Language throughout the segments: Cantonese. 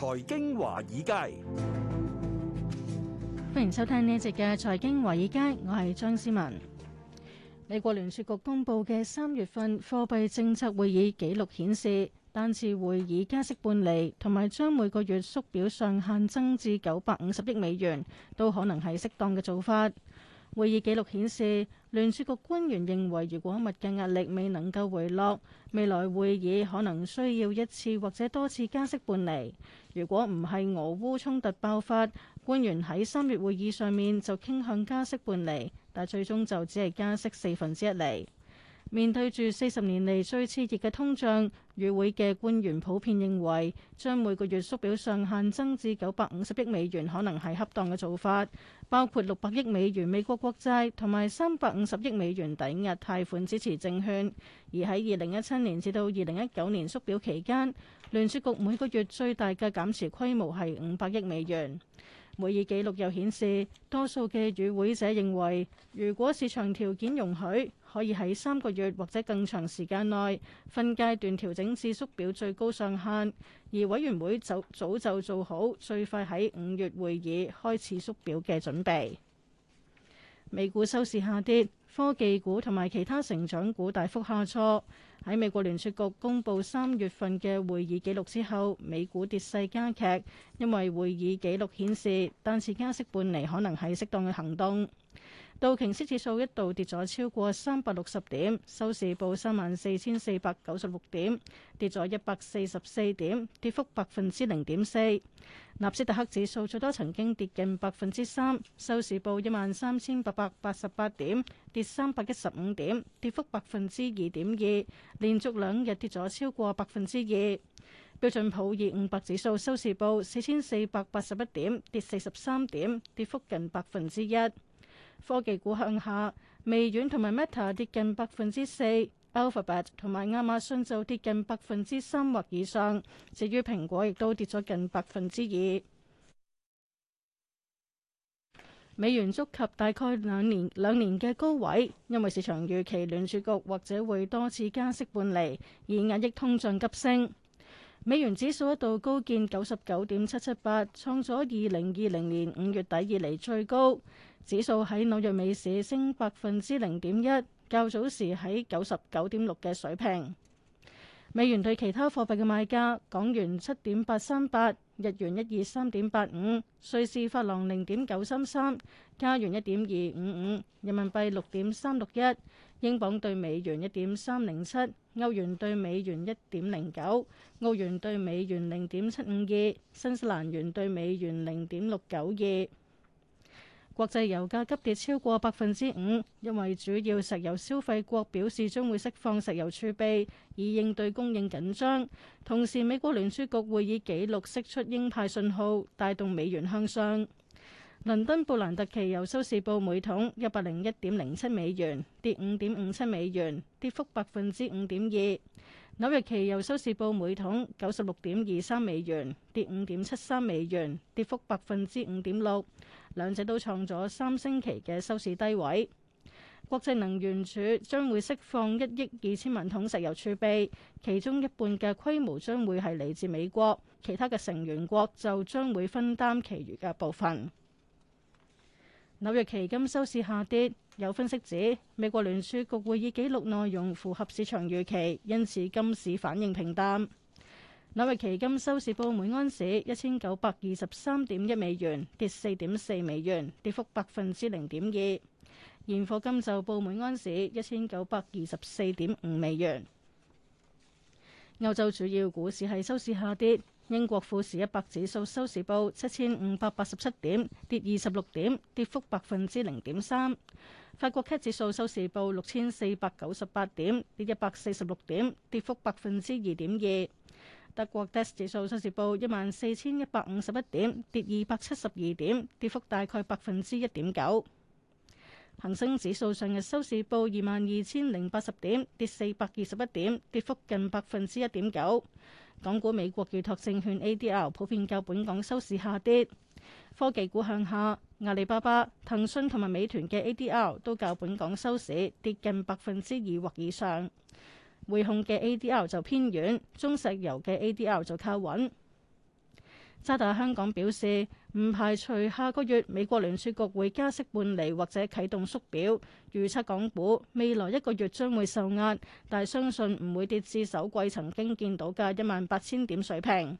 財經華爾街，歡迎收聽呢一節嘅財經華爾街，我係張思文。美國聯儲局公布嘅三月份貨幣政策會議紀錄顯示，單次會議加息半釐，同埋將每個月縮表上限增至九百五十億美元，都可能係適當嘅做法。會議記錄顯示，聯儲局官員認為，如果物價壓力未能夠回落，未來會議可能需要一次或者多次加息半釐。如果唔係俄烏衝突爆發，官員喺三月會議上面就傾向加息半釐，但最終就只係加息四分之一釐。面對住四十年嚟最熾熱嘅通脹，與會嘅官員普遍認為將每個月縮表上限增至九百五十億美元，可能係恰當嘅做法，包括六百億美元美國國債同埋三百五十億美元抵押貸款支持證券。而喺二零一七年至到二零一九年縮表期間，聯儲局每個月最大嘅減持規模係五百億美元。會議記錄又顯示，多數嘅與會者認為，如果市場條件容許，可以喺三個月或者更長時間內分階段調整至縮表最高上限，而委員會就早就做好最快喺五月會議開始縮表嘅準備。美股收市下跌。科技股同埋其他成長股大幅下挫。喺美國聯儲局公布三月份嘅會議記錄之後，美股跌勢加劇，因為會議記錄顯示，單次加息半釐可能係適當嘅行動。道瓊斯指數一度跌咗超過三百六十點，收市報三萬四千四百九十六點，跌咗一百四十四點，跌幅百分之零點四。納斯達克指數最多曾經跌近百分之三，收市報一萬三千八百八十八點，跌三百一十五點，跌幅百分之二點二，連續兩日跌咗超過百分之二。標準普爾五百指數收市報四千四百八十一點，跌四十三點，跌幅近百分之一。科技股向下，微軟同埋 Meta 跌近百分之四，Alphabet 同埋亞馬遜就跌近百分之三或以上，至於蘋果亦都跌咗近百分之二。美元觸及大概兩年兩年嘅高位，因為市場預期聯儲局或者會多次加息半釐，而壓抑通脹急升。美元指數一度高見九十九點七七八，創咗二零二零年五月底以嚟最高。指數喺紐約美市升百分之零點一，較早時喺九十九點六嘅水平。美元對其他貨幣嘅賣價：港元七點八三八，日元一二三點八五，瑞士法郎零點九三三，加元一點二五五，人民幣六點三六一，英鎊對美元一點三零七，歐元對美元一點零九，澳元對美元零點七五二，新西蘭元對美元零點六九二。國際油價急跌超過百分之五，因為主要石油消費國表示將會釋放石油儲備以應對供應緊張。同時，美國聯儲局會議紀錄釋出鷹派信號，帶動美元向上。倫敦布蘭特期油收市報每桶一百零一點零七美元，跌五點五七美元，跌幅百分之五點二。紐約期油收市報每桶九十六點二三美元，跌五點七三美元，跌幅百分之五點六。兩者都創咗三星期嘅收市低位。國際能源署將會釋放一億二千萬桶石油儲備，其中一半嘅規模將會係嚟自美國，其他嘅成員國就將會分擔其餘嘅部分。紐約期金收市下跌，有分析指美國聯儲局會議紀錄內容符合市場預期，因此金市反應平淡。紐約期金收市報每安士一千九百二十三點一美元，跌四點四美元，跌幅百分之零點二。現貨金就報每安士一千九百二十四點五美元。歐洲主要股市係收市下跌，英國富時一百指數收市報七千五百八十七點，跌二十六點，跌幅百分之零點三。法國 CAC 指數收市報六千四百九十八點，跌一百四十六點，跌幅百分之二點二。德國 DAX 指數收市報一萬四千一百五十一點，跌二百七十二點，跌幅大概百分之一點九。恒生指數上日收市報二萬二千零八十點，跌四百二十一點，跌幅近百分之一點九。港股美國預託證券 ADR 普遍較本港收市下跌，科技股向下，阿里巴巴、騰訊同埋美團嘅 ADR 都較本港收市跌近百分之二或以上。匯控嘅 ADR 就偏遠，中石油嘅 ADR 就靠穩。渣打香港表示，唔排除下個月美國聯儲局會加息半釐或者啟動縮表。預測港股未來一個月將會受壓，但相信唔會跌至首季曾經見到嘅一萬八千點水平。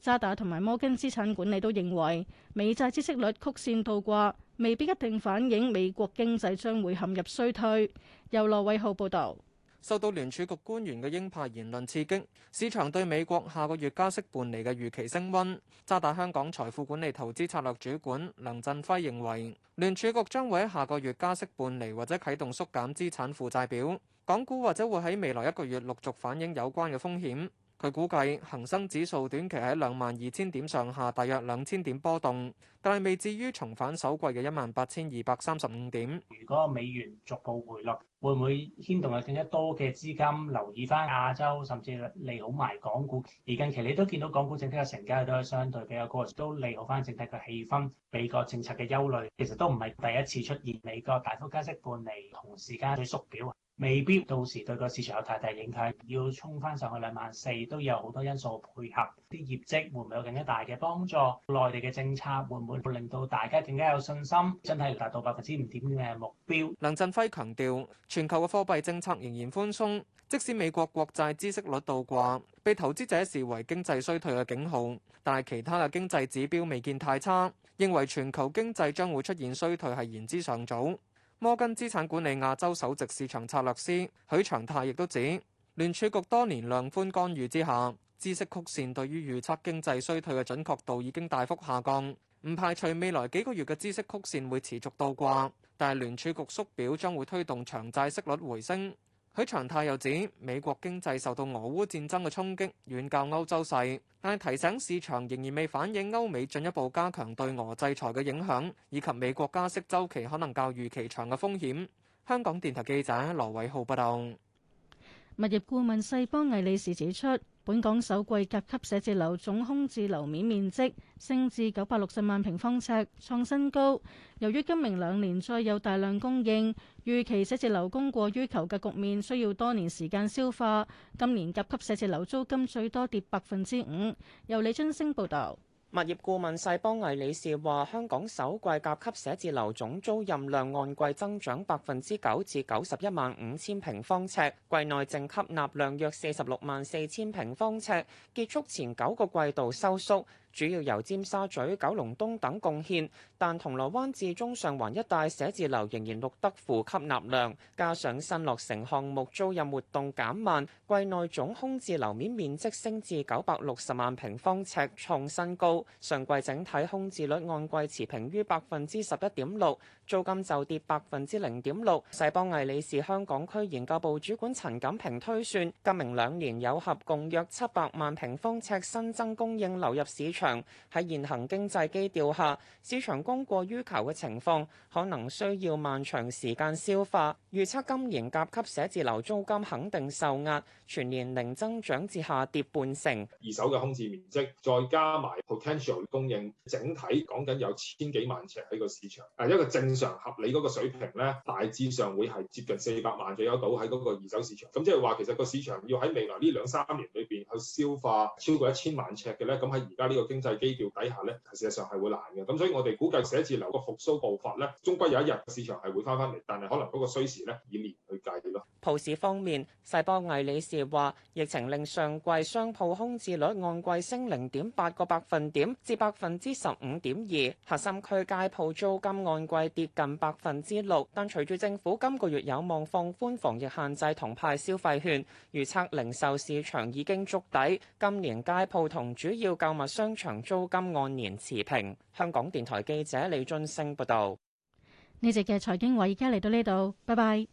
渣打同埋摩根資產管理都認為，美債孳息率曲線倒掛未必一定反映美國經濟將會陷入衰退。由羅偉浩報導。受到聯儲局官員嘅鷹派言論刺激，市場對美國下個月加息半厘嘅預期升溫。渣打香港財富管理投資策略主管梁振輝認為，聯儲局將會喺下個月加息半厘或者啟動縮減資產負債表，港股或者會喺未來一個月陸續反映有關嘅風險。佢估計恒生指數短期喺兩萬二千點上下，大約兩千點波動，但係未至於重返首季嘅一萬八千二百三十五點。如果美元逐步回落，會唔會牽動有更加多嘅資金留意翻亞洲，甚至利好埋港股。而近期你都見到港股整體嘅成交都係相對比較高，都利好翻整體嘅氣氛。美國政策嘅憂慮其實都唔係第一次出現，美國大幅加息伴嚟，同時間去縮表。未必到時對個市場有太大，大影響，要衝翻上去兩萬四都有好多因素配合，啲業績會唔會有更加大嘅幫助？內地嘅政策會唔會令到大家更加有信心真係達到百分之五點嘅目標？梁振輝強調，全球嘅貨幣政策仍然寬鬆，即使美國國債孳息率倒掛，被投資者視為經濟衰退嘅警號，但係其他嘅經濟指標未見太差，認為全球經濟將會出現衰退係言之尚早。摩根資產管理亞洲首席市場策略師許長泰亦都指，聯儲局多年量寬干預之下，孳息曲線對於預測經濟衰退嘅準確度已經大幅下降，唔排除未來幾個月嘅孳息曲線會持續倒掛，但係聯儲局縮表將會推動長債息率回升。許長泰又指，美國經濟受到俄烏戰爭嘅衝擊，遠較歐洲細，但係提醒市場仍然未反映歐美進一步加強對俄制裁嘅影響，以及美國加息週期可能較預期長嘅風險。香港電台記者羅偉浩報道。物業顧問世邦魏理仕指出。本港首季甲級寫字樓總空置樓面面積升至九百六十萬平方尺，創新高。由於今明兩年再有大量供應，預期寫字樓供過於求嘅局面需要多年時間消化。今年甲級寫字樓租金最多跌百分之五。由李津升報導。物業顧問世邦魏理仕話：香港首季甲級寫字樓總租賃量按季增長百分之九至九十一萬五千平方尺，季內淨吸納量約四十六萬四千平方尺，結束前九個季度收縮。主要由尖沙咀、九龍東等貢獻，但銅鑼灣至中上環一帶寫字樓仍然錄得負吸納量，加上新落成項目租賃活動減慢，季內總空置樓面面積升至九百六十萬平方尺，創新高。上季整體空置率按季持平於百分之十一點六，租金就跌百分之零點六。世邦魏理仕香港區研究部主管陳錦平推算，今明兩年有合共約七百萬平方尺新增供應流入市場。喺現行經濟基調下，市場供過於求嘅情況可能需要漫長時間消化。預測今年甲級寫字樓租金肯定受壓，全年零增長至下跌半成。二手嘅空置面積再加埋 potential 供應，整體講緊有千幾萬尺喺個市場。誒，一個正常合理嗰個水平呢，大致上會係接近四百萬左右到喺嗰個二手市場。咁即係話，其實個市場要喺未來呢兩三年裏邊去消化超過一千萬尺嘅呢。咁喺而家呢個。經濟基調底下呢，事實上係會難嘅。咁所以我哋估計寫字樓個復甦步伐呢，終歸有一日市場係會返返嚟，但係可能嗰個需時呢，以年去計嘅咯。鋪市方面，世邦魏理仕話：疫情令上季商鋪空置率按季升零點八個百分點至百分之十五點二，核心區街鋪租金按季跌近百分之六。但隨住政府今個月有望放寬防疫限制同派消費券，預測零售市場已經觸底，今年街鋪同主要購物商場租金按年持平。香港電台記者李俊升報道。你哋嘅財經話，而家嚟到呢度，拜拜。